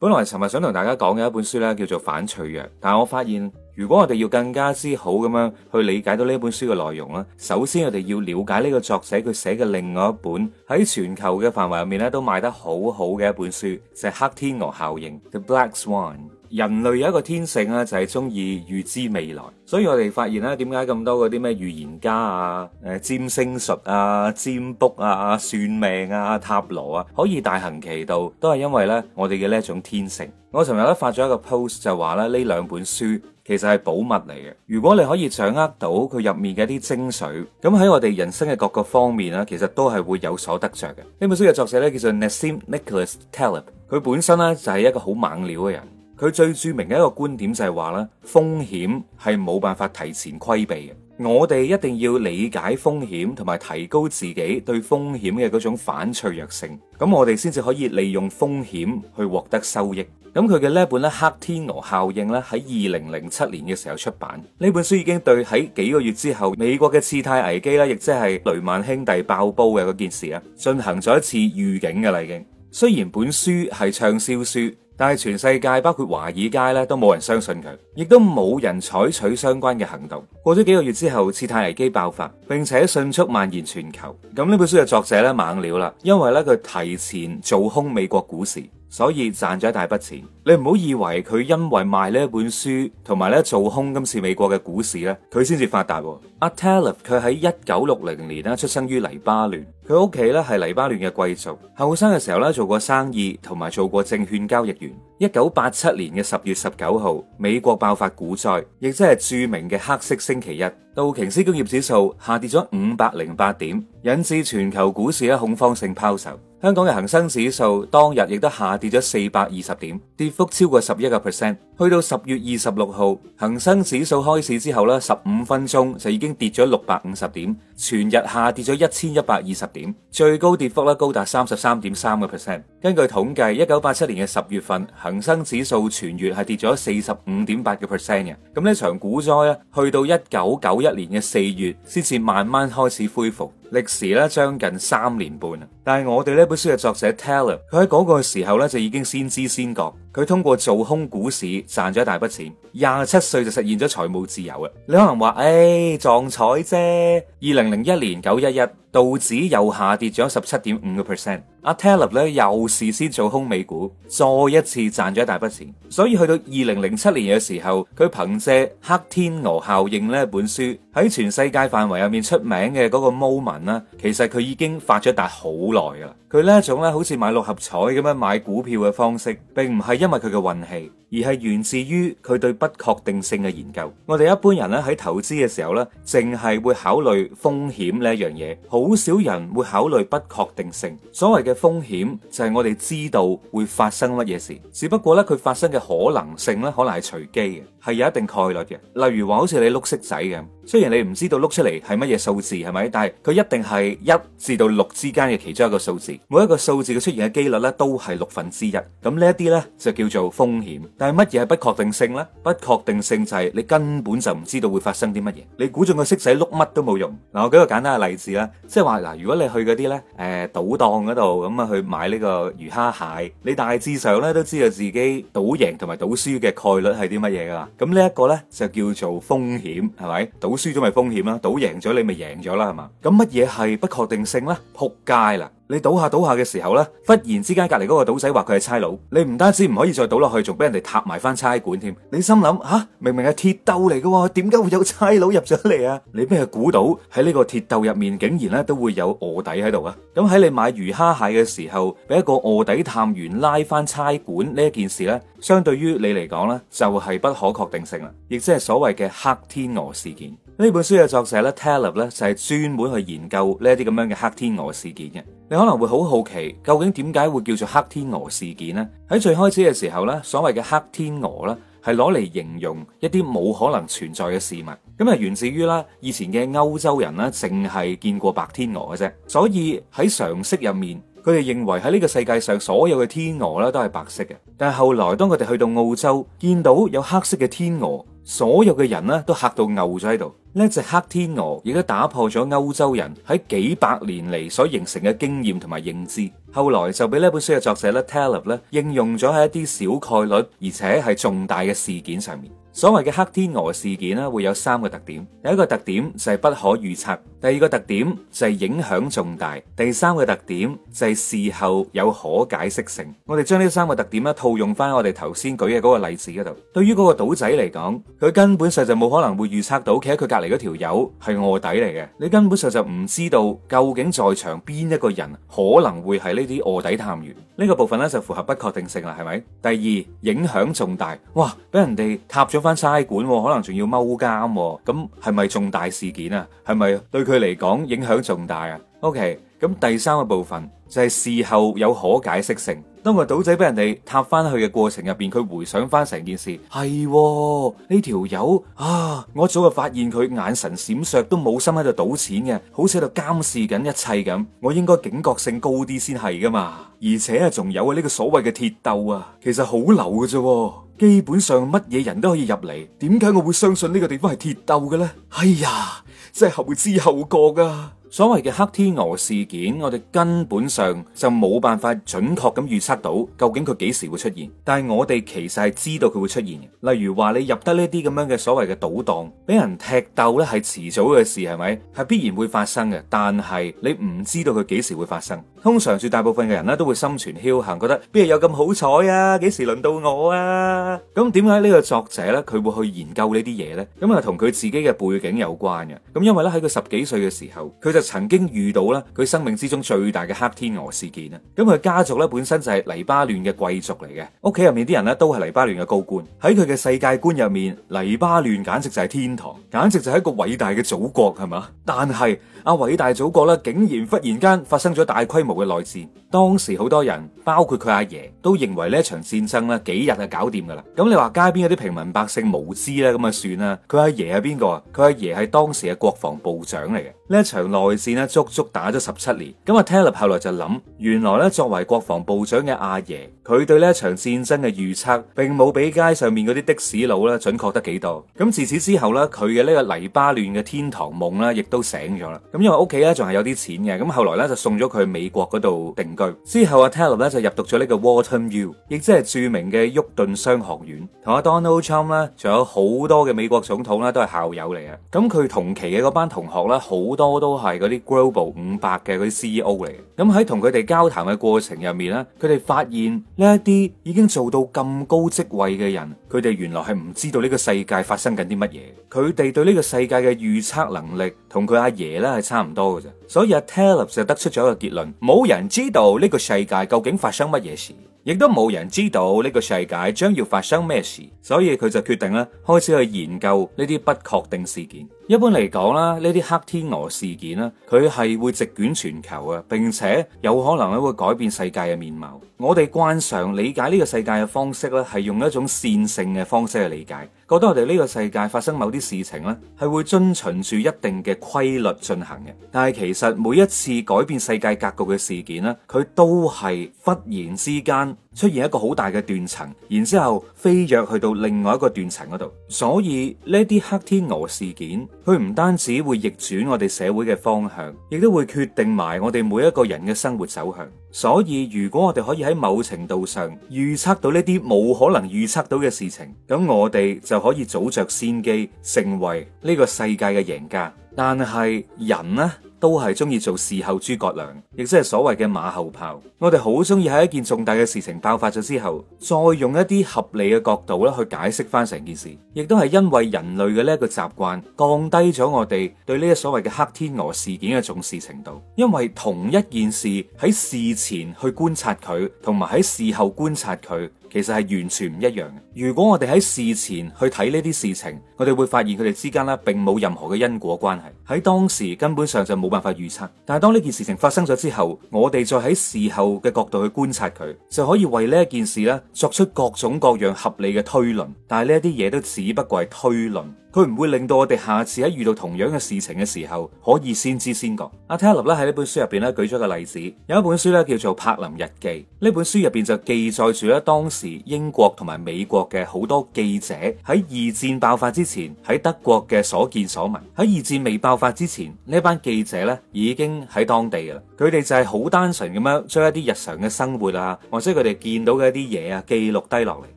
本來尋日想同大家講嘅一本書咧，叫做《反脆弱》，但我發現如果我哋要更加之好咁樣去理解到呢本書嘅內容咧，首先我哋要了解呢個作者佢寫嘅另外一本喺全球嘅範圍入面咧都賣得好好嘅一本書，就係《黑天鵝效應》The Black Swan。人類有一個天性咧，就係中意預知未來，所以我哋發現咧，點解咁多嗰啲咩預言家啊、誒占星術啊、占卜啊、算命啊、塔羅啊，可以大行其道，都係因為咧我哋嘅呢一種天性。我尋日咧發咗一個 post 就話咧呢兩本書其實係寶物嚟嘅。如果你可以掌握到佢入面嘅一啲精髓，咁喺我哋人生嘅各個方面啦，其實都係會有所得着嘅。呢本書嘅作者咧叫做 Nassim Nicholas Taleb，佢本身咧就係、是、一個好猛料嘅人。佢最著名嘅一個觀點就係話咧，風險係冇辦法提前規避嘅。我哋一定要理解風險，同埋提高自己對風險嘅嗰種反脆弱性。咁我哋先至可以利用風險去獲得收益。咁佢嘅呢一本咧《黑天鵝效應》咧，喺二零零七年嘅時候出版。呢本書已經對喺幾個月之後美國嘅次貸危機咧，亦即係雷曼兄弟爆煲嘅嗰件事啊，進行咗一次預警嘅啦。已經雖然本書係暢銷書。但係全世界包括華爾街咧，都冇人相信佢，亦都冇人採取相關嘅行動。過咗幾個月之後，次貸危機爆發，並且迅速蔓延全球。咁呢本書嘅作者咧猛料啦，因為咧佢提前做空美國股市。所以賺咗一大筆錢，你唔好以為佢因為賣呢一本書同埋咧做空今次美國嘅股市咧，佢先至發達啊。阿 Taleb 佢喺一九六零年咧出生於黎巴嫩，佢屋企咧係黎巴嫩嘅貴族。後生嘅時候咧做過生意，同埋做過證券交易員。一九八七年嘅十月十九號，美國爆發股災，亦即係著名嘅黑色星期一，道瓊斯工業指數下跌咗五百零八點，引致全球股市咧恐慌性拋售。香港嘅恒生指數當日亦都下跌咗四百二十點，跌幅超過十一個 percent，去到十月二十六號，恒生指數開始之後咧，十五分鐘就已經跌咗六百五十點，全日下跌咗一千一百二十點，最高跌幅咧高達三十三點三個 percent。根據統計，一九八七年嘅十月份，恒生指數全月係跌咗四十五點八個 percent 嘅。咁呢場股災咧，去到一九九一年嘅四月，先至慢慢開始恢復。歷時咧將近三年半，但係我哋呢本書嘅作者 Taleb，佢喺嗰個時候呢就已經先知先覺，佢通過做空股市賺咗一大筆錢，廿七歲就實現咗財務自由啊！你可能話，誒、哎、撞彩啫，二零零一年九一一，道指又下跌咗十七點五個 percent。阿 Taleb 咧又事先做空美股，再一次賺咗一大筆錢。所以去到二零零七年嘅時候，佢憑借《黑天鵝效應》呢本書喺全世界範圍入面出名嘅嗰個 moment 呢，其實佢已經發咗達好耐噶啦。佢呢一種咧好似買六合彩咁樣買股票嘅方式，並唔係因為佢嘅運氣。而係源自於佢對不確定性嘅研究。我哋一般人咧喺投資嘅時候咧，淨係會考慮風險呢一樣嘢，好少人會考慮不確定性。所謂嘅風險就係我哋知道會發生乜嘢事，只不過咧佢發生嘅可能性咧，可能係隨機嘅，係有一定概率嘅。例如話好似你碌色仔咁，雖然你唔知道碌出嚟係乜嘢數字係咪，但係佢一定係一至到六之間嘅其中一個數字。每一個數字嘅出現嘅機率咧都係六分之一。咁呢一啲咧就叫做風險。但係乜嘢係不確定性呢？不確定性就係你根本就唔知道會發生啲乜嘢，你估中個色仔碌乜都冇用。嗱、啊，我舉個簡單嘅例子啦，即係話嗱，如果你去嗰啲呢誒賭檔嗰度咁，啊去買呢個魚蝦蟹，你大致上咧都知道自己賭贏同埋賭輸嘅概率係啲乜嘢噶啦。咁呢一個呢，就叫做風險，係咪？賭輸咗咪風險啦，賭贏咗你咪贏咗啦，係嘛？咁乜嘢係不確定性呢？仆街啦！你倒下倒下嘅時候呢，忽然之間隔籬嗰個倒仔話佢係差佬，你唔單止唔可以再倒落去，仲俾人哋塌埋翻差館添。你心諗吓，啊，明明係鐵斗嚟嘅，點解會有差佬入咗嚟啊？你咩估到喺呢個鐵斗入面竟然咧都會有臥底喺度啊？咁喺你買魚蝦蟹嘅時候，俾一個臥底探員拉翻差館呢一件事呢，相對於你嚟講呢，就係、是、不可確定性啦，亦即係所謂嘅黑天鵝事件。呢本書嘅作者咧 Taleb 咧就係專門去研究呢一啲咁樣嘅黑天鵝事件嘅。你可能會好好奇，究竟點解會叫做黑天鵝事件呢？喺最開始嘅時候呢，所謂嘅黑天鵝呢，係攞嚟形容一啲冇可能存在嘅事物。咁啊，源自於啦，以前嘅歐洲人呢，淨係見過白天鵝嘅啫。所以喺常識入面，佢哋認為喺呢個世界上所有嘅天鵝呢，都係白色嘅。但係後來當佢哋去到澳洲，見到有黑色嘅天鵝。所有嘅人呢都嚇到嘔咗喺度，呢一隻黑天鵝亦都打破咗歐洲人喺幾百年嚟所形成嘅經驗同埋認知。後來就俾呢本書嘅作者咧，Taleb 咧應用咗喺一啲小概率而且係重大嘅事件上面。所謂嘅黑天鵝事件呢，會有三個特點，第一個特點就係不可預測。第二個特點就係影響重大，第三個特點就係事後有可解釋性。我哋將呢三個特點咧套用翻我哋頭先舉嘅嗰個例子嗰度，對於嗰個賭仔嚟講，佢根本上就冇可能會預測到企喺佢隔籬嗰條友係臥底嚟嘅，你根本上就唔知道究竟在場邊一個人可能會係呢啲臥底探員。呢、呢個部分咧就符合不確定性啦，係咪？第二影響重大，哇，俾人哋塌咗翻差館，可能仲要踎監，咁係咪重大事件啊？係咪對？佢嚟講影響重大啊。OK，咁第三個部分就係、是、事後有可解釋性。當個賭仔俾人哋撻翻去嘅過程入邊，佢回想翻成件事係呢條友啊，我早就發現佢眼神閃爍，都冇心喺度賭錢嘅，好似喺度監視緊一切咁。我應該警覺性高啲先係噶嘛。而且啊，仲有呢個所謂嘅鐵竇啊，其實好流嘅啫，基本上乜嘢人都可以入嚟。點解我會相信呢個地方係鐵竇嘅咧？哎呀！真係後知後覺啊！所謂嘅黑天鵝事件，我哋根本上就冇辦法準確咁預測到究竟佢幾時會出現。但係我哋其實係知道佢會出現嘅。例如話你入得呢啲咁樣嘅所謂嘅賭檔，俾人踢竇呢係遲早嘅事，係咪？係必然會發生嘅。但係你唔知道佢幾時會發生。通常住大部分嘅人呢，都會心存僥倖，覺得邊度有咁好彩啊？幾時輪到我啊？咁點解呢個作者呢，佢會去研究呢啲嘢呢？咁啊同佢自己嘅背景有關嘅。咁因為咧喺佢十幾歲嘅時候，佢就。曾經遇到咧，佢生命之中最大嘅黑天鵝事件啊！咁佢家族咧本身就係黎巴嫩嘅貴族嚟嘅，屋企入面啲人咧都係黎巴嫩嘅高官。喺佢嘅世界觀入面，黎巴嫩簡直就係天堂，簡直就係一個偉大嘅祖國，係嘛？但係阿偉大祖國咧，竟然忽然間發生咗大規模嘅內戰。當時好多人，包括佢阿爺，都認為呢一場戰爭咧幾日就搞掂噶啦！咁你話街邊嗰啲平民百姓無知咧，咁啊算啦！佢阿爺係邊個啊？佢阿爺係當時嘅國防部長嚟嘅。呢一場內戰咧、啊、足足打咗十七年，咁啊，Taleb 後來就諗，原來咧作為國防部長嘅阿爺，佢對呢一場戰爭嘅預測並冇比街上面嗰啲的士佬咧準確得幾多。咁自此之後呢，佢嘅呢個黎巴嫩嘅天堂夢呢亦都醒咗啦。咁因為屋企呢仲係有啲錢嘅，咁後來呢就送咗佢去美國嗰度定居。之後啊呢，Taleb 咧就入讀咗呢個沃頓 U，亦即係著名嘅沃頓商學院，同阿、啊、Donald Trump 咧，仲有好多嘅美國總統呢都係校友嚟嘅。咁佢同期嘅嗰班同學呢，好多都係嗰啲 Global 五百嘅啲 CEO 嚟嘅，咁喺同佢哋交談嘅過程入面咧，佢哋發現呢一啲已經做到咁高職位嘅人，佢哋原來係唔知道呢個世界發生緊啲乜嘢，佢哋對呢個世界嘅預測能力同佢阿爺咧係差唔多㗎啫，所以阿 Taleb 就得出咗一個結論：冇人知道呢個世界究竟發生乜嘢事。亦都冇人知道呢個世界將要發生咩事，所以佢就決定咧開始去研究呢啲不確定事件。一般嚟講啦，呢啲黑天鵝事件啦，佢係會席捲全球嘅，並且有可能咧會改變世界嘅面貌。我哋慣常理解呢個世界嘅方式咧，係用一種線性嘅方式去理解。覺得我哋呢個世界發生某啲事情，呢係會遵循住一定嘅規律進行嘅。但係其實每一次改變世界格局嘅事件，呢佢都係忽然之間。出現一個好大嘅斷層，然之後飛躍去到另外一個斷層嗰度，所以呢啲黑天鵝事件，佢唔單止會逆轉我哋社會嘅方向，亦都會決定埋我哋每一個人嘅生活走向。所以如果我哋可以喺某程度上預測到呢啲冇可能預測到嘅事情，咁我哋就可以早着先機，成為呢個世界嘅贏家。但係人呢，都係中意做事後諸葛亮，亦即係所謂嘅馬後炮。我哋好中意喺一件重大嘅事情爆發咗之後，再用一啲合理嘅角度咧去解釋翻成件事，亦都係因為人類嘅呢個習慣，降低咗我哋對呢個所謂嘅黑天鵝事件嘅重視程度。因為同一件事喺事前去觀察佢，同埋喺事後觀察佢，其實係完全唔一樣嘅。如果我哋喺事前去睇呢啲事情，我哋會發現佢哋之間咧並冇任何嘅因果關係。喺當時根本上就冇辦法預測。但係當呢件事情發生咗之後，我哋再喺事後嘅角度去觀察佢，就可以為呢一件事咧作出各種各樣合理嘅推論。但係呢一啲嘢都只不過係推論，佢唔會令到我哋下次喺遇到同樣嘅事情嘅時候可以先知先覺。阿泰立啦喺呢本書入邊咧舉咗一個例子，有一本書咧叫做《柏林日記》。呢本書入邊就記載住咧當時英國同埋美國。嘅好多記者喺二戰爆發之前，喺德國嘅所見所聞，喺二戰未爆發之前，呢班記者呢已經喺當地㗎喇，佢哋就係好單純咁樣將一啲日常嘅生活啊，或者佢哋見到嘅一啲嘢啊記錄低落嚟，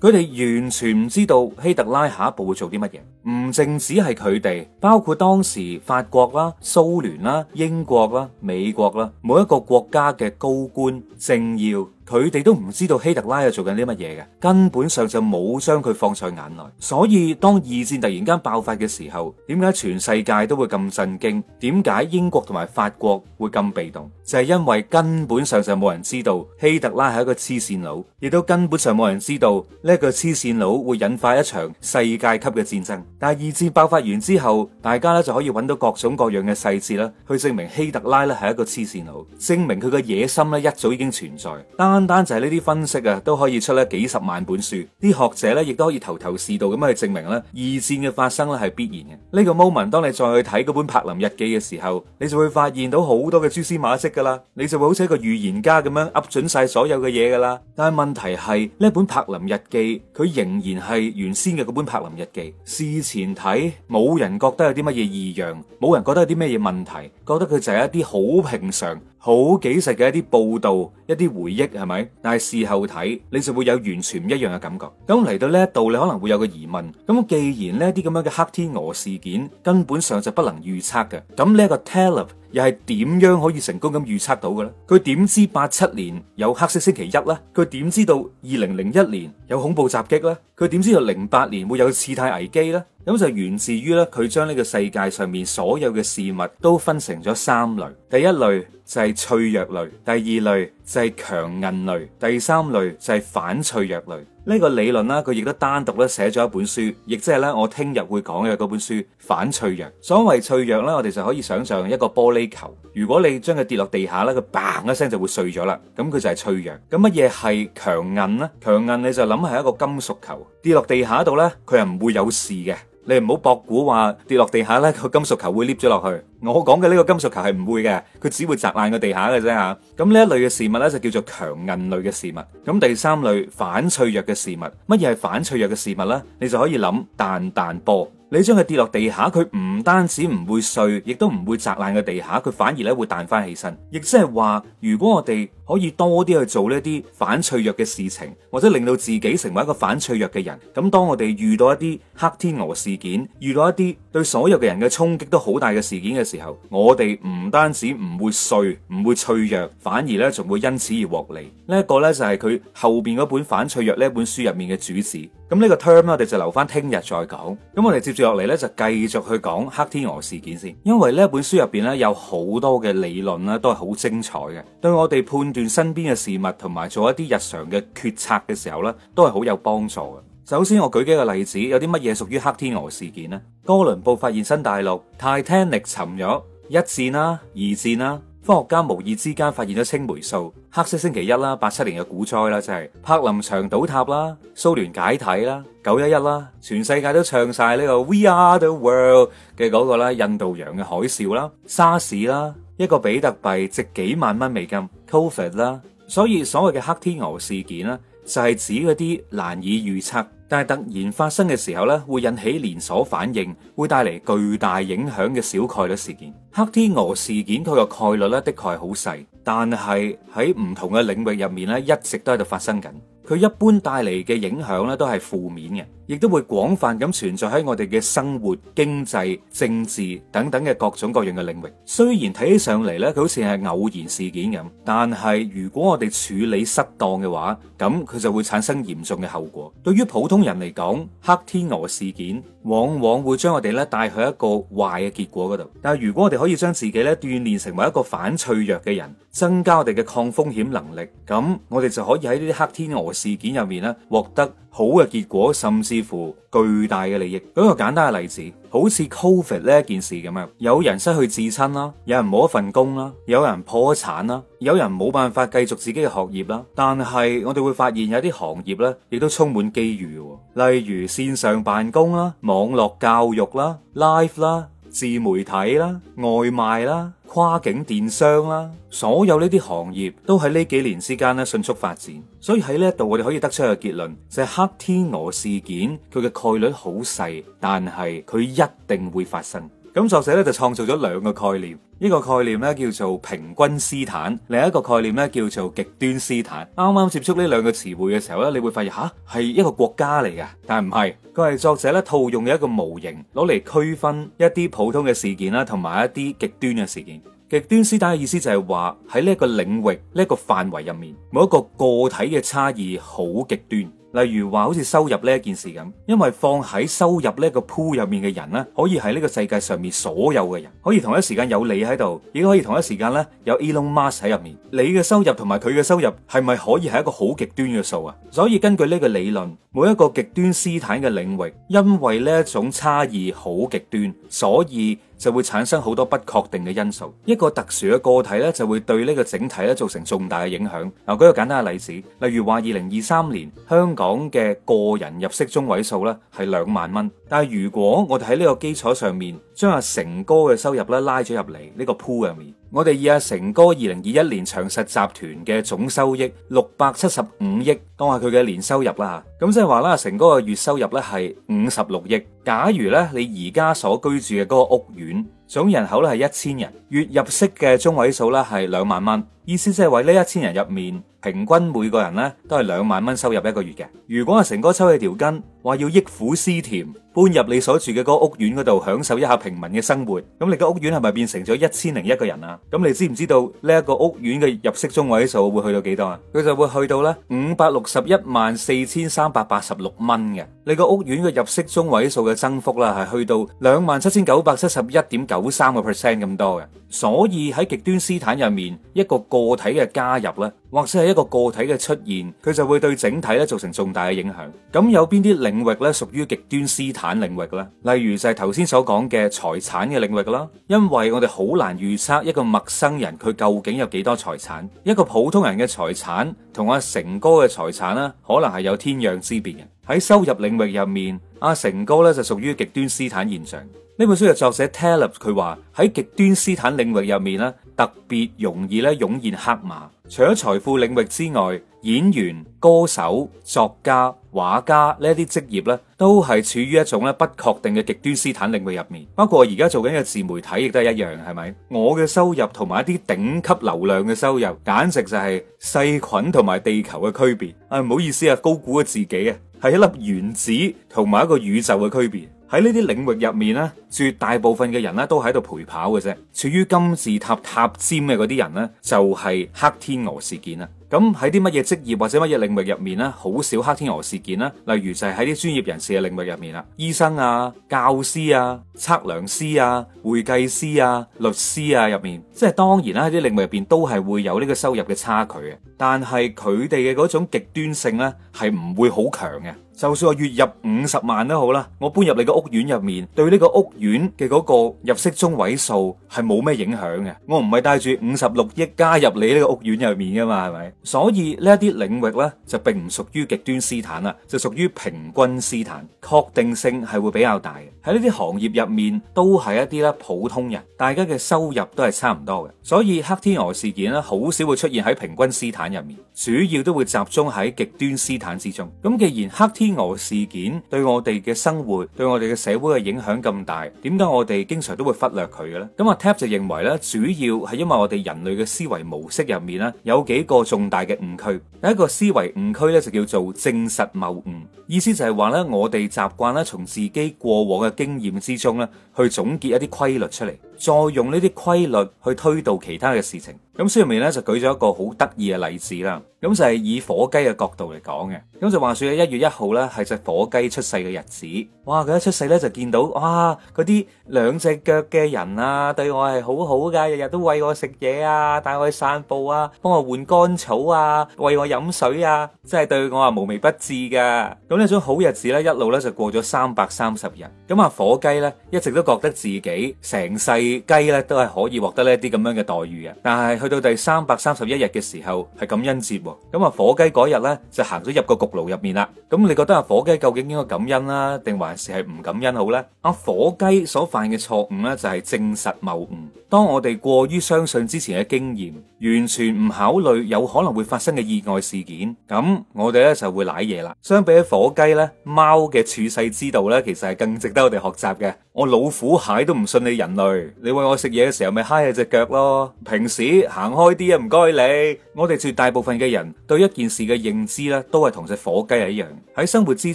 佢哋完全唔知道希特拉下一步會做啲乜嘢，唔淨止係佢哋，包括當時法國啦、蘇聯啦、英國啦、美國啦，每一個國家嘅高官政要。佢哋都唔知道希特拉係做緊啲乜嘢嘅，根本上就冇將佢放在眼內。所以當二戰突然間爆發嘅時候，點解全世界都會咁震驚？點解英國同埋法國會咁被動？就係因為根本上就冇人知道希特拉係一個黐線佬，亦都根本上冇人知道呢個黐線佬會引發一場世界級嘅戰爭。但係二戰爆發完之後，大家咧就可以揾到各種各樣嘅細節啦，去證明希特拉咧係一個黐線佬，證明佢嘅野心咧一早已經存在。但係單單就係呢啲分析啊，都可以出咧幾十萬本書，啲學者咧亦都可以頭頭是道咁樣去證明咧二戰嘅發生咧係必然嘅。呢個 moment，當你再去睇嗰本柏林日記嘅時候，你就會發現到好多嘅蛛絲馬跡噶啦，你就會好似一個預言家咁樣噏準晒所有嘅嘢噶啦。但係問題係呢本柏林日記，佢仍然係原先嘅嗰本柏林日記。事前睇，冇人覺得有啲乜嘢異樣，冇人覺得有啲乜嘢問題，覺得佢就係一啲好平常。好幾實嘅一啲報道、一啲回憶，係咪？但係事後睇，你就會有完全唔一樣嘅感覺。咁嚟到呢一度，你可能會有個疑問。咁既然呢啲咁樣嘅黑天鵝事件根本上就不能預測嘅，咁呢個 tele 又係點樣可以成功咁預測到嘅咧？佢點知八七年有黑色星期一呢？佢點知道二零零一年有恐怖襲擊呢？佢點知道零八年會有次貸危機呢？咁就源自於咧，佢將呢個世界上面所有嘅事物都分成咗三類，第一類就係脆弱類，第二類，就係強韌類，第三類就係反脆弱類。呢個理論呢，佢亦都單獨咧寫咗一本書，亦即係呢，我聽日會講嘅嗰本書《反脆弱》。所謂脆弱呢，我哋就可以想象一個玻璃球，如果你將佢跌落地下呢，佢砰一聲就會碎咗啦。咁佢就係脆弱。咁乜嘢係強韌呢？強韌，你就諗係一個金屬球，跌落地下度呢，佢係唔會有事嘅。你唔好博估話跌落地下呢，個金屬球會 lift 咗落去。我講嘅呢個金屬球係唔會嘅，佢只會砸爛個地下嘅啫吓。咁、啊、呢一類嘅事物呢，就叫做強韌類嘅事物。咁第三類反脆弱嘅事物，乜嘢係反脆弱嘅事物呢？你就可以諗彈彈波，你將佢跌落地下，佢唔單止唔會碎，亦都唔會砸爛個地下，佢反而咧會彈翻起身。亦即係話，如果我哋可以多啲去做呢啲反脆弱嘅事情，或者令到自己成為一個反脆弱嘅人，咁當我哋遇到一啲黑天鵝事件，遇到一啲對所有嘅人嘅衝擊都好大嘅事件嘅。時候，我哋唔單止唔會碎，唔會脆弱，反而呢仲會因此而獲利。這個、呢一個咧就係、是、佢後邊嗰本反脆弱呢本書入面嘅主旨。咁呢個 term 咧，我哋就留翻聽日再講。咁我哋接住落嚟呢，就繼續去講黑天鵝事件先，因為呢本書入邊呢，有好多嘅理論啦、啊，都係好精彩嘅，對我哋判斷身邊嘅事物同埋做一啲日常嘅決策嘅時候呢，都係好有幫助嘅。首先，我舉幾個例子，有啲乜嘢屬於黑天鵝事件呢？哥倫布發現新大陸，Titanic 沉咗，一戰啦，二戰啦，科學家無意之間發現咗青霉素，黑色星期一啦，八七年嘅股災啦，就係、是、柏林牆倒塌啦，蘇聯解體啦，九一一啦，全世界都唱晒呢個 We Are the World 嘅嗰個啦，印度洋嘅海嘯啦，沙士啦，一個比特幣值幾萬蚊美金，Covid 啦，所以所謂嘅黑天鵝事件啦。就係指嗰啲難以預測，但係突然發生嘅時候呢，會引起連鎖反應，會帶嚟巨大影響嘅小概率事件。黑天鵝事件佢個概率呢，的確係好細，但係喺唔同嘅領域入面呢，一直都喺度發生緊。佢一般帶嚟嘅影響呢，都係負面嘅。亦都會廣泛咁存在喺我哋嘅生活、經濟、政治等等嘅各種各樣嘅領域。雖然睇起上嚟咧，佢好似係偶然事件咁，但係如果我哋處理失當嘅話，咁佢就會產生嚴重嘅後果。對於普通人嚟講，黑天鵝事件往往會將我哋咧帶去一個壞嘅結果嗰度。但係如果我哋可以將自己咧鍛煉成為一個反脆弱嘅人，增加我哋嘅抗風險能力，咁我哋就可以喺呢啲黑天鵝事件入面咧獲得。好嘅結果，甚至乎巨大嘅利益。舉個簡單嘅例子，好似 COVID 呢件事咁樣，有人失去至親啦，有人冇一份工啦，有人破產啦，有人冇辦法繼續自己嘅學業啦。但係我哋會發現有啲行業咧，亦都充滿機遇，例如線上辦公啦、網絡教育啦、Live 啦。自媒體啦、外賣啦、跨境電商啦，所有呢啲行業都喺呢幾年之間咧迅速發展，所以喺呢一度我哋可以得出一個結論，就係、是、黑天鵝事件佢嘅概率好細，但係佢一定會發生。咁作者咧就創造咗兩個概念，一個概念咧叫做平均斯坦，另一個概念咧叫做極端斯坦。啱啱接觸呢兩個詞彙嘅時候咧，你會發現吓係、啊、一個國家嚟嘅，但係唔係，佢係作者咧套用嘅一個模型攞嚟區分一啲普通嘅事件啦，同埋一啲極端嘅事件。極端斯坦嘅意思就係話喺呢一個領域呢一、這個範圍入面，某一個個體嘅差異好極端。例如話好似收入呢件事咁，因為放喺收入呢個 pool 入面嘅人呢，可以係呢個世界上面所有嘅人，可以同一時間有你喺度，亦都可以同一時間呢有 Elon Musk 喺入面，你嘅收入同埋佢嘅收入係咪可以係一個好極端嘅數啊？所以根據呢個理論，每一個極端斯坦嘅領域，因為呢一種差異好極端，所以。就會產生好多不確定嘅因素，一個特殊嘅個體咧就會對呢個整體咧造成重大嘅影響。嗱，舉個簡單嘅例子，例如話二零二三年香港嘅個人入息中位數咧係兩萬蚊，但係如果我哋喺呢個基礎上面將阿成哥嘅收入咧拉咗入嚟呢個 pool 入面，我哋以阿成哥二零二一年長實集團嘅總收益六百七十五億當下佢嘅年收入啦嚇，咁即係話啦，阿成哥嘅月收入咧係五十六億。假如咧，你而家所居住嘅嗰個屋苑總人口咧係一千人，月入息嘅中位數咧係兩萬蚊，意思即係話呢一千人入面，平均每個人咧都係兩萬蚊收入一個月嘅。如果阿成哥抽起條筋，話要憶苦思甜，搬入你所住嘅嗰個屋苑嗰度，享受一下平民嘅生活，咁你個屋苑係咪變成咗一千零一個人啊？咁你知唔知道呢一個屋苑嘅入息中位數會去到幾多啊？佢就會去到咧五百六十一萬四千三百八十六蚊嘅。你個屋苑嘅入息中位數嘅。升幅啦，係去到兩萬七千九百七十一點九三個 percent 咁多嘅，所以喺極端斯坦入面，一個個體嘅加入咧，或者係一個個體嘅出現，佢就會對整體咧造成重大嘅影響。咁有邊啲領域咧屬於極端斯坦領域嘅咧？例如就係頭先所講嘅財產嘅領域啦，因為我哋好難預測一個陌生人佢究竟有幾多財產，一個普通人嘅財產同阿成哥嘅財產咧，可能係有天壤之別嘅。喺收入領域入面，阿成哥咧就屬於極端斯坦現象。呢本書嘅作者 Taleb 佢話喺極端斯坦領域入面咧，特別容易咧湧現黑馬。除咗財富領域之外，演員、歌手、作家、畫家呢一啲職業咧，都係處於一種咧不確定嘅極端斯坦領域入面。包括我而家做緊嘅自媒體亦都係一樣，係咪？我嘅收入同埋一啲頂級流量嘅收入，簡直就係細菌同埋地球嘅區別。啊，唔好意思啊，高估咗自己啊，係一粒原子同埋一個宇宙嘅區別。喺呢啲領域入面呢，絕大部分嘅人呢都喺度陪跑嘅啫。處於金字塔塔尖嘅嗰啲人呢，就係黑天鵝事件啦。咁喺啲乜嘢職業或者乜嘢領域入面呢，好少黑天鵝事件啦。例如就係喺啲專業人士嘅領域入面啦，醫生啊、教師啊、測量師啊、會計師啊、律師啊入面，即係當然啦，喺啲領域入邊都係會有呢個收入嘅差距嘅。但係佢哋嘅嗰種極端性呢，係唔會好強嘅。就算我月入五十萬都好啦，我搬入你個屋苑入面，對呢個屋苑嘅嗰個入息中位數係冇咩影響嘅。我唔係帶住五十六億加入你呢個屋苑入面噶嘛，係咪？所以呢一啲領域呢，就並唔屬於極端斯坦啦，就屬於平均斯坦，確定性係會比較大嘅。喺呢啲行業入面都係一啲咧普通人，大家嘅收入都係差唔多嘅。所以黑天鵝事件呢，好少會出現喺平均斯坦入面，主要都會集中喺極端斯坦之中。咁既然黑天天鵝事件對我哋嘅生活、對我哋嘅社會嘅影響咁大，點解我哋經常都會忽略佢嘅咧？咁啊，Tab 就認為咧，主要係因為我哋人類嘅思維模式入面咧，有幾個重大嘅誤區。第一個思維誤區咧，就叫做證實謬誤，意思就係話咧，我哋習慣咧從自己過往嘅經驗之中咧，去總結一啲規律出嚟，再用呢啲規律去推導其他嘅事情。咁書入面咧就舉咗一個好得意嘅例子啦。咁就係以火雞嘅角度嚟講嘅，咁就話說一月一號呢係隻火雞出世嘅日子，哇！佢一出世呢，就見到，哇！嗰啲兩隻腳嘅人啊，對我係好好噶，日日都餵我食嘢啊，帶我去散步啊，幫我換乾草啊，餵我飲水啊，真係對我啊無微不至噶。咁呢種好日子呢，一路呢就過咗三百三十日，咁啊火雞呢一直都覺得自己成世雞呢都係可以獲得呢啲咁樣嘅待遇啊。但係去到第三百三十一日嘅時候，係感恩節。咁啊、嗯、火雞嗰日呢，就行咗入個焗爐入面啦。咁、嗯、你覺得阿、啊、火雞究竟應該感恩啦、啊，定還是係唔感恩好呢？阿、啊、火雞所犯嘅錯誤呢，就係、是、證實謬誤。當我哋過於相信之前嘅經驗，完全唔考慮有可能會發生嘅意外事件，咁我哋呢就會瀨嘢啦。相比起火雞呢，貓嘅處世之道呢，其實係更值得我哋學習嘅。我老虎蟹都唔信你人類，你餵我食嘢嘅時候咪揩下隻腳咯。平時行開啲啊，唔該你。我哋絕大部分嘅人。對一件事嘅認知咧，都係同隻火雞係一樣。喺生活之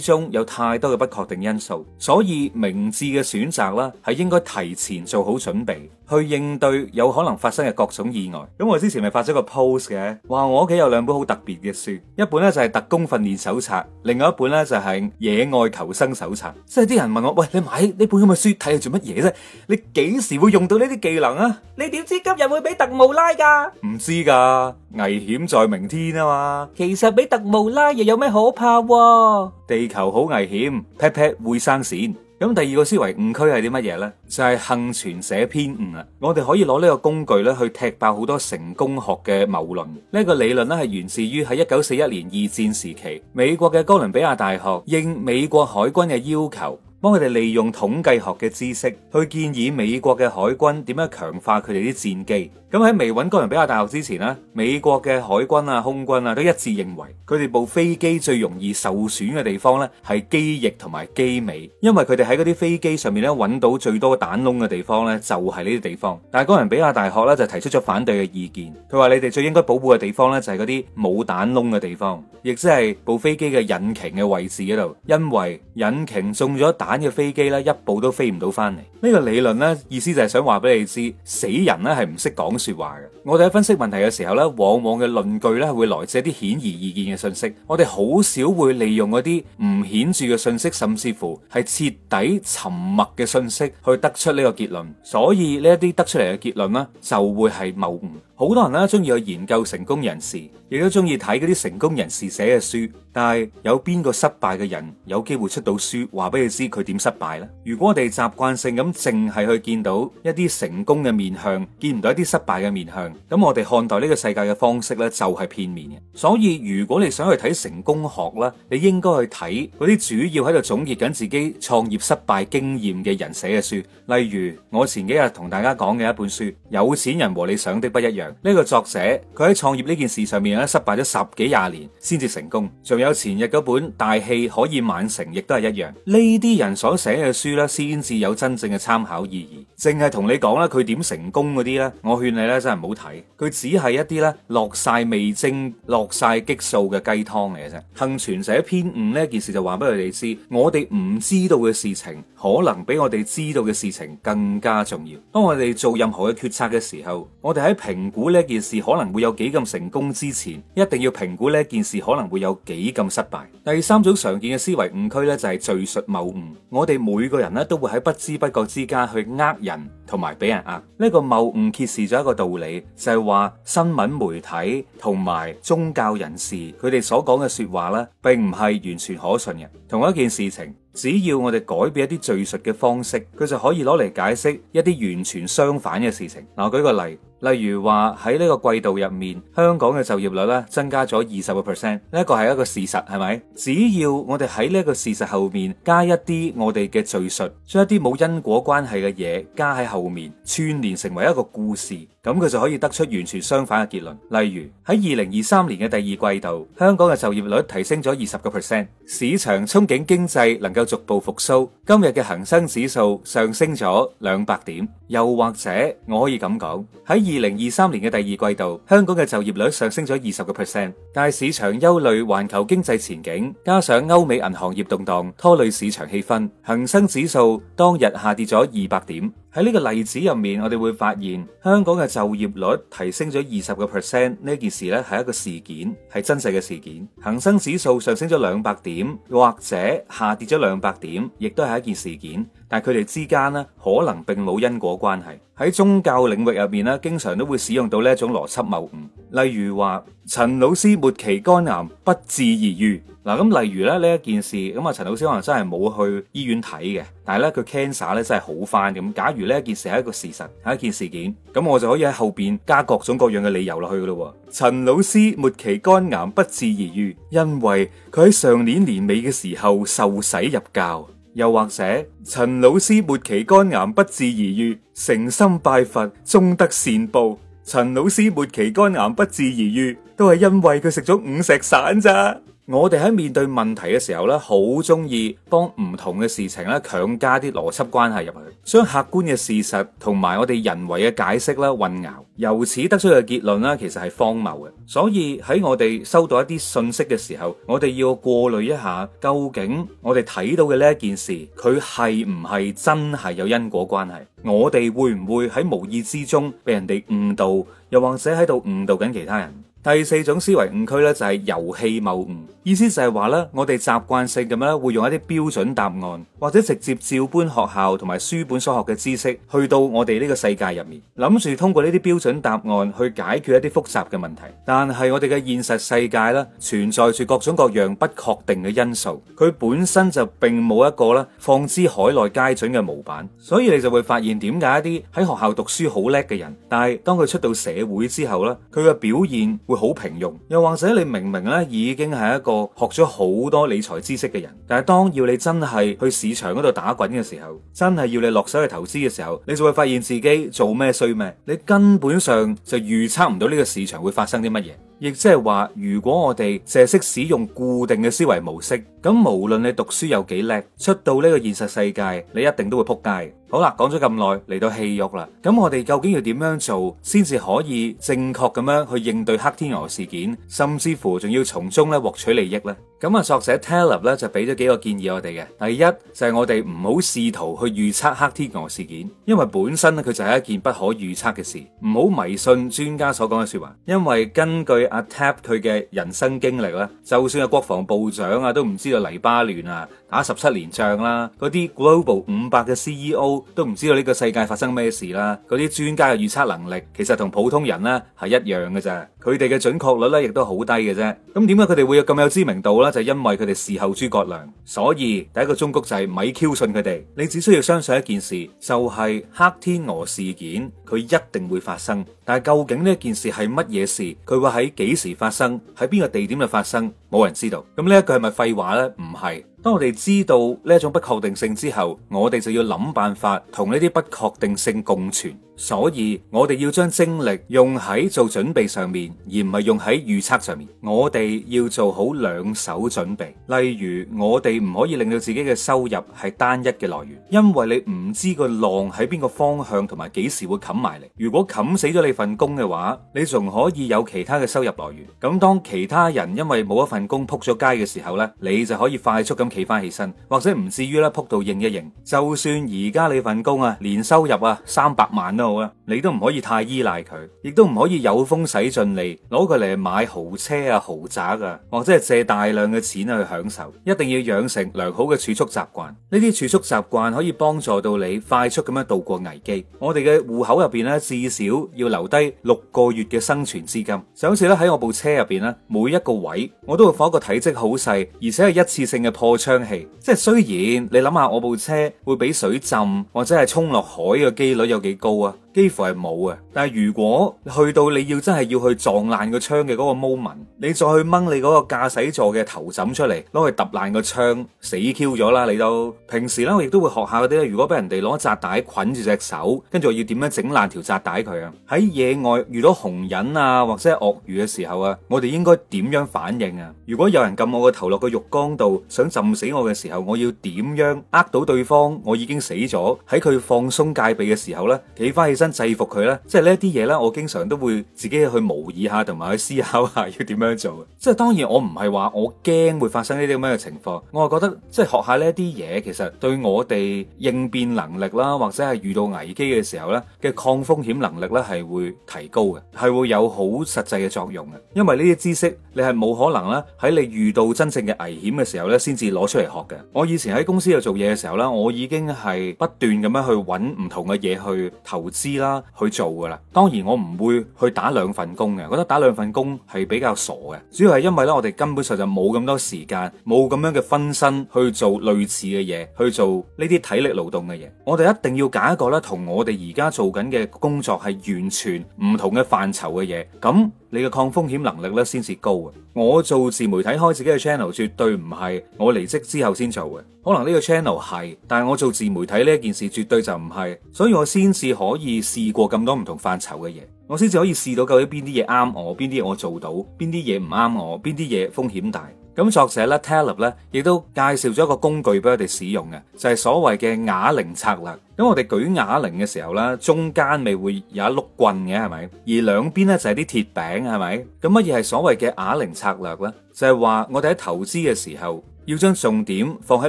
中有太多嘅不確定因素，所以明智嘅選擇啦，係應該提前做好準備。去應對有可能發生嘅各種意外。咁我之前咪發咗個 post 嘅，話我屋企有兩本好特別嘅書，一本咧就係特工訓練手冊，另外一本咧就係野外求生手冊。即係啲人問我，喂，你買呢本咁嘅書睇係做乜嘢咧？你幾時會用到呢啲技能啊？你點知今日會俾特務拉噶？唔知噶，危險在明天啊嘛。其實俾特務拉又有咩可怕啊？地球好危險，pet pet 會生線。咁第二個思維誤區係啲乜嘢呢？就係、是、倖存者偏誤啊！我哋可以攞呢個工具咧去踢爆好多成功學嘅謬論。呢、這個理論咧係源自於喺一九四一年二戰時期，美國嘅哥倫比亞大學應美國海軍嘅要求，幫佢哋利用統計學嘅知識去建議美國嘅海軍點樣強化佢哋啲戰機。咁喺未揾哥倫比亞大學之前呢，美國嘅海軍啊、空軍啊都一致認為佢哋部飛機最容易受損嘅地方呢，係機翼同埋機尾，因為佢哋喺嗰啲飛機上面揾到最多彈窿嘅地方呢，就係呢啲地方。但係哥倫比亞大學咧就提出咗反對嘅意見，佢話你哋最應該保護嘅地方呢，就係嗰啲冇彈窿嘅地方，亦即係部飛機嘅引擎嘅位置嗰度，因為引擎中咗彈嘅飛機呢，一步都飛唔到翻嚟。呢個理論呢，意思就係想話俾你知，死人呢係唔識講說話嘅，我哋喺分析問題嘅時候咧，往往嘅論據咧會來自一啲顯而易見嘅信息，我哋好少會利用嗰啲唔顯著嘅信息，甚至乎係徹底沉默嘅信息去得出呢個結論。所以呢一啲得出嚟嘅結論呢，就會係謬誤。好多人呢中意去研究成功人士，亦都中意睇嗰啲成功人士寫嘅書，但係有邊個失敗嘅人有機會出到書，話俾你知佢點失敗呢？如果我哋習慣性咁淨係去見到一啲成功嘅面向，見唔到一啲失敗嘅面向咁，我哋看待呢個世界嘅方式呢，就係片面嘅。所以如果你想去睇成功學咧，你應該去睇嗰啲主要喺度總結緊自己創業失敗經驗嘅人寫嘅書。例如我前幾日同大家講嘅一本書《有錢人和你想的不一樣》，呢個作者佢喺創業呢件事上面咧失敗咗十幾廿年先至成功。仲有前日嗰本《大器可以晚成》，亦都係一樣。呢啲人所寫嘅書呢，先至有真正嘅參考意義。淨係同你講啦，佢點成功嗰啲呢？我勸你。真係唔好睇，佢只係一啲咧，落晒味精、落晒激素嘅雞湯嚟嘅啫。幸存者偏誤呢件事就話俾佢哋知，我哋唔知道嘅事情可能比我哋知道嘅事情更加重要。當我哋做任何嘅決策嘅時候，我哋喺評估呢件事可能會有幾咁成功之前，一定要評估呢件事可能會有幾咁失敗。第三種常見嘅思維誤區呢，就係敘述謬誤。我哋每個人咧，都會喺不知不覺之間去呃人同埋俾人呃。呢個謬誤揭示咗。個道理就係話，新聞媒體同埋宗教人士佢哋所講嘅說話咧，並唔係完全可信嘅。同一件事情，只要我哋改變一啲敘述嘅方式，佢就可以攞嚟解釋一啲完全相反嘅事情。嗱，我舉個例，例如話喺呢個季度入面，香港嘅就業率咧增加咗二十個 percent，呢個係一個事實，係咪？只要我哋喺呢個事實後面加一啲我哋嘅敘述，將一啲冇因果關係嘅嘢加喺後面串聯成為一個故事。咁佢就可以得出完全相反嘅結論。例如喺二零二三年嘅第二季度，香港嘅就業率提升咗二十個 percent，市場憧憬經濟能夠逐步復甦。今日嘅恒生指數上升咗兩百點。又或者我可以咁講：喺二零二三年嘅第二季度，香港嘅就業率上升咗二十個 percent，但係市場憂慮環球經濟前景，加上歐美銀行業動盪拖累市場氣氛，恒生指數當日下跌咗二百點。喺呢個例子入面，我哋會發現香港嘅就業率提升咗二十個 percent 呢件事呢係一個事件，係真實嘅事件。恒生指數上升咗兩百點或者下跌咗兩百點，亦都係一件事件。但佢哋之間咧，可能並冇因果關係。喺宗教領域入邊咧，經常都會使用到呢一種邏輯謬誤。例如話，陳老師末期肝癌不治而愈。嗱，咁例如咧呢一件事，咁啊陳老師可能真係冇去醫院睇嘅。但係咧佢 cancer 咧真係好翻咁。假如呢一件事係一個事實，係一件事件，咁我就可以喺後邊加各種各樣嘅理由落去噶咯。陳老師末期肝癌不治而愈，因為佢喺上年年尾嘅時候受洗入教。又或者陳老師末期肝癌不治而愈，誠心拜佛終得善報。陳老師末期肝癌不治而愈，都係因為佢食咗五石散咋。我哋喺面對問題嘅時候咧，好中意幫唔同嘅事情咧強加啲邏輯關係入去，將客觀嘅事實同埋我哋人為嘅解釋啦混淆，由此得出嘅結論呢，其實係荒謬嘅。所以喺我哋收到一啲信息嘅時候，我哋要過濾一下，究竟我哋睇到嘅呢一件事，佢係唔係真係有因果關係？我哋會唔會喺無意之中俾人哋誤導，又或者喺度誤導緊其他人？第四種思維誤區咧就係遊戲謬誤，意思就係話咧，我哋習慣性咁樣會用一啲標準答案，或者直接照搬學校同埋書本所學嘅知識，去到我哋呢個世界入面，諗住通過呢啲標準答案去解決一啲複雜嘅問題。但係我哋嘅現實世界咧，存在住各種各樣不確定嘅因素，佢本身就並冇一個咧放之海內皆準嘅模板，所以你就會發現點解一啲喺學校讀書好叻嘅人，但係當佢出到社會之後咧，佢嘅表現會……好平庸，又或者你明明咧已經係一個學咗好多理財知識嘅人，但係當要你真係去市場嗰度打滾嘅時候，真係要你落手去投資嘅時候，你就會發現自己做咩衰咩，你根本上就預測唔到呢個市場會發生啲乜嘢，亦即係話，如果我哋淨係識使用固定嘅思維模式。咁無論你讀書有幾叻，出到呢個現實世界，你一定都會撲街。好啦，講咗咁耐，嚟到戲肉啦。咁我哋究竟要點樣做，先至可以正確咁樣去應對黑天鵝事件，甚至乎仲要從中咧獲取利益呢？咁啊，作者 Taleb 咧就俾咗幾個建議我哋嘅。第一就係我哋唔好試圖去預測黑天鵝事件，因為本身咧佢就係一件不可預測嘅事。唔好迷信專家所講嘅說話，因為根據阿 Tab 佢嘅人生經歷啦，就算係國防部長啊，都唔知。個黎巴嫩啊。打十七年仗啦，嗰啲 Global 五百嘅 CEO 都唔知道呢個世界發生咩事啦。嗰啲專家嘅預測能力其實同普通人呢係一樣嘅，啫。佢哋嘅準確率呢亦都好低嘅啫。咁點解佢哋會有咁有知名度呢？就因為佢哋事後諸葛亮。所以第一個忠告就係咪 q 信佢哋？你只需要相信一件事，就係、是、黑天鵝事件，佢一定會發生。但係究竟呢件事係乜嘢事？佢會喺幾時發生？喺邊個地點度發生？冇人知道。咁呢一句係咪廢話呢？唔係。當我哋知道呢種不確定性之後，我哋就要諗辦法同呢啲不確定性共存。所以我哋要將精力用喺做準備上面，而唔係用喺預測上面。我哋要做好兩手準備。例如，我哋唔可以令到自己嘅收入係單一嘅來源，因為你唔知個浪喺邊個方向同埋幾時會冚埋嚟。如果冚死咗你份工嘅話，你仲可以有其他嘅收入來源。咁當其他人因為冇一份工扑咗街嘅時候呢，你就可以快速咁企翻起身，或者唔至於咧扑到認一認。就算而家你份工啊，年收入啊三百萬咯，啊。你都唔可以太依賴佢，亦都唔可以有風使盡利，攞佢嚟買豪車啊、豪宅啊，或者係借大量嘅錢去享受。一定要養成良好嘅儲蓄習慣，呢啲儲蓄習慣可以幫助到你快速咁樣度過危機。我哋嘅戶口入邊呢，至少要留低六個月嘅生存資金。就好似咧喺我部車入邊呢，每一個位我都會放一個體積好細，而且係一次性嘅破窗器。即係雖然你諗下我部車會俾水浸或者係沖落海嘅機率有幾高啊？幾乎係冇啊。但係如果去到你要真係要去撞爛個窗，嘅嗰個 moment，你再去掹你嗰個駕駛座嘅頭枕出嚟，攞去揼爛個窗，死 Q 咗啦！你都平時呢，我亦都會學下嗰啲，如果俾人哋攞紮帶捆住隻手，跟住我要點樣整爛條紮帶佢啊？喺野外遇到熊引啊，或者鱷魚嘅時候啊，我哋應該點樣反應啊？如果有人撳我個頭落個浴缸度，想浸死我嘅時候，我要點樣呃到對方我已經死咗？喺佢放鬆戒備嘅時候呢，企翻。起身制服佢咧，即係呢一啲嘢咧，我經常都會自己去模擬下，同埋去思考下要點樣做嘅，即係當然，我唔係話我驚會發生呢啲咁樣嘅情況，我係覺得即係學下呢一啲嘢，其實對我哋應變能力啦，或者係遇到危機嘅時候咧嘅抗風險能力咧係會提高嘅，係會有好實際嘅作用嘅。因為呢啲知識你係冇可能咧喺你遇到真正嘅危險嘅時候咧先至攞出嚟學嘅。我以前喺公司度做嘢嘅時候咧，我已經係不斷咁樣去揾唔同嘅嘢去投資。知啦，去做㗎喇。當然我唔會去打兩份工嘅，我覺得打兩份工係比較傻嘅。主要係因為咧，我哋根本上就冇咁多時間，冇咁樣嘅分身去做類似嘅嘢，去做呢啲體力勞動嘅嘢。我哋一定要揀一個咧，同我哋而家做緊嘅工作係完全唔同嘅範疇嘅嘢。咁，你嘅抗風險能力咧先至高啊！我做自媒體開自己嘅 channel，絕對唔係我離職之後先做嘅。可能呢個 channel 係，但係我做自媒體呢件事，絕對就唔係。所以我先至可以試過咁多唔同範疇嘅嘢。我先至可以試到究竟邊啲嘢啱我，邊啲嘢我做到，邊啲嘢唔啱我，邊啲嘢風險大。咁作者咧，Taleb 咧，亦都介紹咗一個工具俾我哋使用嘅，就係所謂嘅啞鈴策略。咁我哋舉啞鈴嘅時候咧，中間咪會有一碌棍嘅，係咪？而兩邊咧就係啲鐵餅，係咪？咁乜嘢係所謂嘅啞鈴策略咧？就係話我哋喺投資嘅時候，要將重點放喺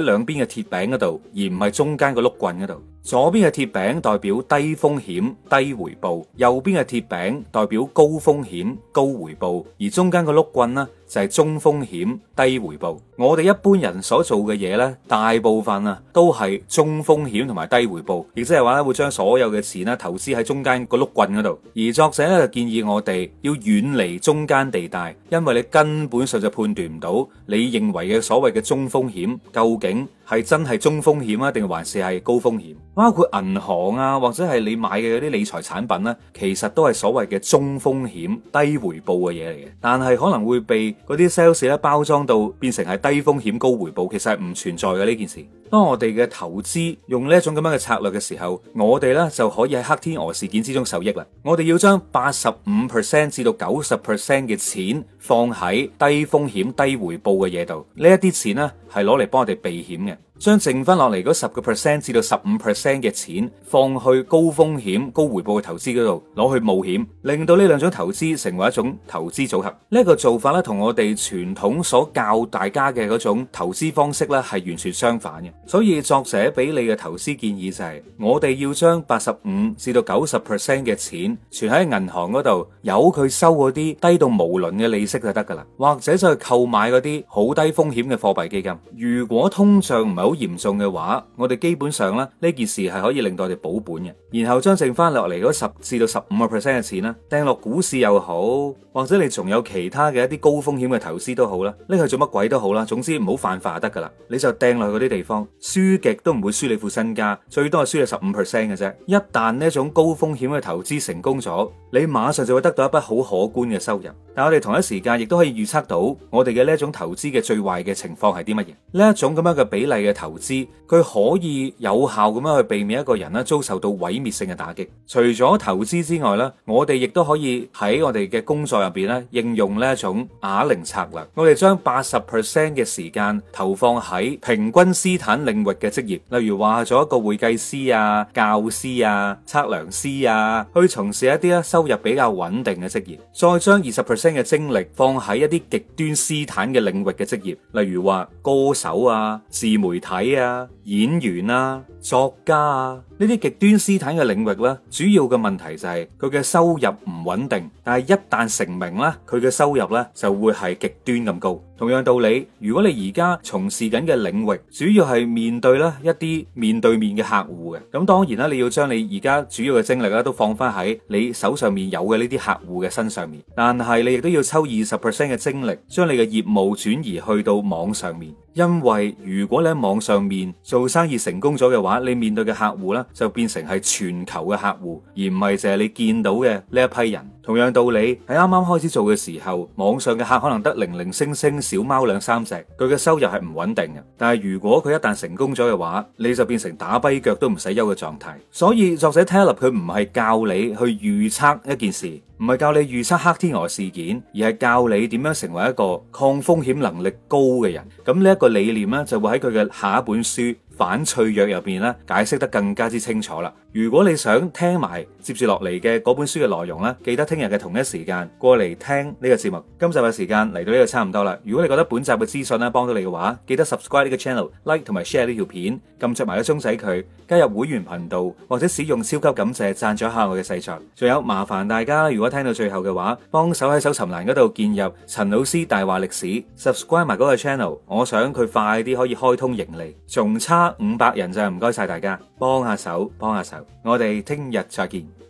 兩邊嘅鐵餅嗰度，而唔係中間個碌棍嗰度。左邊嘅鐵餅代表低風險低回報，右邊嘅鐵餅代表高風險高回報，而中間個碌棍呢，就係中風險低回報。我哋一般人所做嘅嘢呢，大部分啊都係中風險同埋低回報，亦即係話咧會將所有嘅錢咧投資喺中間個碌棍嗰度。而作者咧就建議我哋要遠離中間地帶，因為你根本上就判斷唔到你認為嘅所謂嘅中風險究竟。係真係中風險啊，定還是係高風險？包括銀行啊，或者係你買嘅嗰啲理財產品呢、啊，其實都係所謂嘅中風險低回報嘅嘢嚟嘅，但係可能會被嗰啲 sales 咧包裝到變成係低風險高回報，其實係唔存在嘅呢件事。當我哋嘅投資用呢一種咁樣嘅策略嘅時候，我哋呢就可以喺黑天鵝事件之中受益啦。我哋要將八十五 percent 至到九十 percent 嘅錢放喺低風險低回報嘅嘢度，呢一啲錢呢係攞嚟幫我哋避險嘅。將剩翻落嚟嗰十個 percent 至到十五 percent 嘅錢放去高風險高回報嘅投資嗰度，攞去冒險，令到呢兩種投資成為一種投資組合。呢一個做法咧，同我哋傳統所教大家嘅嗰種投資方式咧，係完全相反嘅。所以作者俾你嘅投資建議就係、是，我哋要將八十五至到九十 percent 嘅錢存喺銀行嗰度，由佢收嗰啲低到無倫嘅利息就得噶啦，或者就係購買嗰啲好低風險嘅貨幣基金。如果通脹唔係，好嚴重嘅話，我哋基本上咧呢件事係可以令到我哋保本嘅，然後將剩翻落嚟嗰十至到十五個 percent 嘅錢咧，掟落股市又好，或者你仲有其他嘅一啲高風險嘅投資都好啦，拎去做乜鬼都好啦，總之唔好犯法就得噶啦，你就掟落去嗰啲地方，輸極都唔會輸你副身家，最多係輸你十五 percent 嘅啫。一旦呢一種高風險嘅投資成功咗，你馬上就會得到一筆好可觀嘅收入。但我哋同一時間亦都可以預測到，我哋嘅呢一種投資嘅最壞嘅情況係啲乜嘢？呢一種咁樣嘅比例嘅。投資佢可以有效咁樣去避免一個人呢遭受到毀滅性嘅打擊。除咗投資之外呢，我哋亦都可以喺我哋嘅工作入邊呢應用呢一種啞鈴策略。我哋將八十 percent 嘅時間投放喺平均斯坦領域嘅職業，例如話做一個會計師啊、教師啊、測量師啊，去從事一啲咧收入比較穩定嘅職業，再將二十 percent 嘅精力放喺一啲極端斯坦嘅領域嘅職業，例如話歌手啊、自媒體。睇啊，演員啊，作家啊。呢啲極端斯坦嘅領域咧，主要嘅問題就係佢嘅收入唔穩定，但係一旦成名啦，佢嘅收入咧就會係極端咁高。同樣道理，如果你而家從事緊嘅領域，主要係面對啦一啲面對面嘅客戶嘅，咁當然啦，你要將你而家主要嘅精力咧都放翻喺你手上面有嘅呢啲客戶嘅身上面。但係你亦都要抽二十 percent 嘅精力，將你嘅業務轉移去到網上面，因為如果你喺網上面做生意成功咗嘅話，你面對嘅客戶啦。就變成係全球嘅客戶，而唔係淨係你見到嘅呢一批人。同樣道理，喺啱啱開始做嘅時候，網上嘅客可能得零零星星小貓兩三隻，佢嘅收入係唔穩定嘅。但係如果佢一旦成功咗嘅話，你就變成打跛腳都唔使憂嘅狀態。所以作者 Taleb 佢唔係教你去預測一件事，唔係教你預測黑天鵝事件，而係教你點樣成為一個抗風險能力高嘅人。咁呢一個理念呢，就會喺佢嘅下一本書《反脆弱》入邊呢解釋得更加之清楚啦。如果你想聽埋接住落嚟嘅嗰本書嘅內容呢，記得聽。聽日嘅同一時間過嚟聽呢個節目，今集嘅時間嚟到呢度差唔多啦。如果你覺得本集嘅資訊咧幫到你嘅話，記得 subscribe 呢個 channel，like 同埋 share 呢條片，撳着埋個鐘仔佢，加入會員頻道或者使用超級感謝贊助下我嘅製作。仲有麻煩大家，如果聽到最後嘅話，幫手喺搜尋欄嗰度建入陳老師大話歷史，subscribe 埋嗰個 channel。我想佢快啲可以開通盈利，仲差五百人上，唔該晒大家，幫下手，幫下手，我哋聽日再見。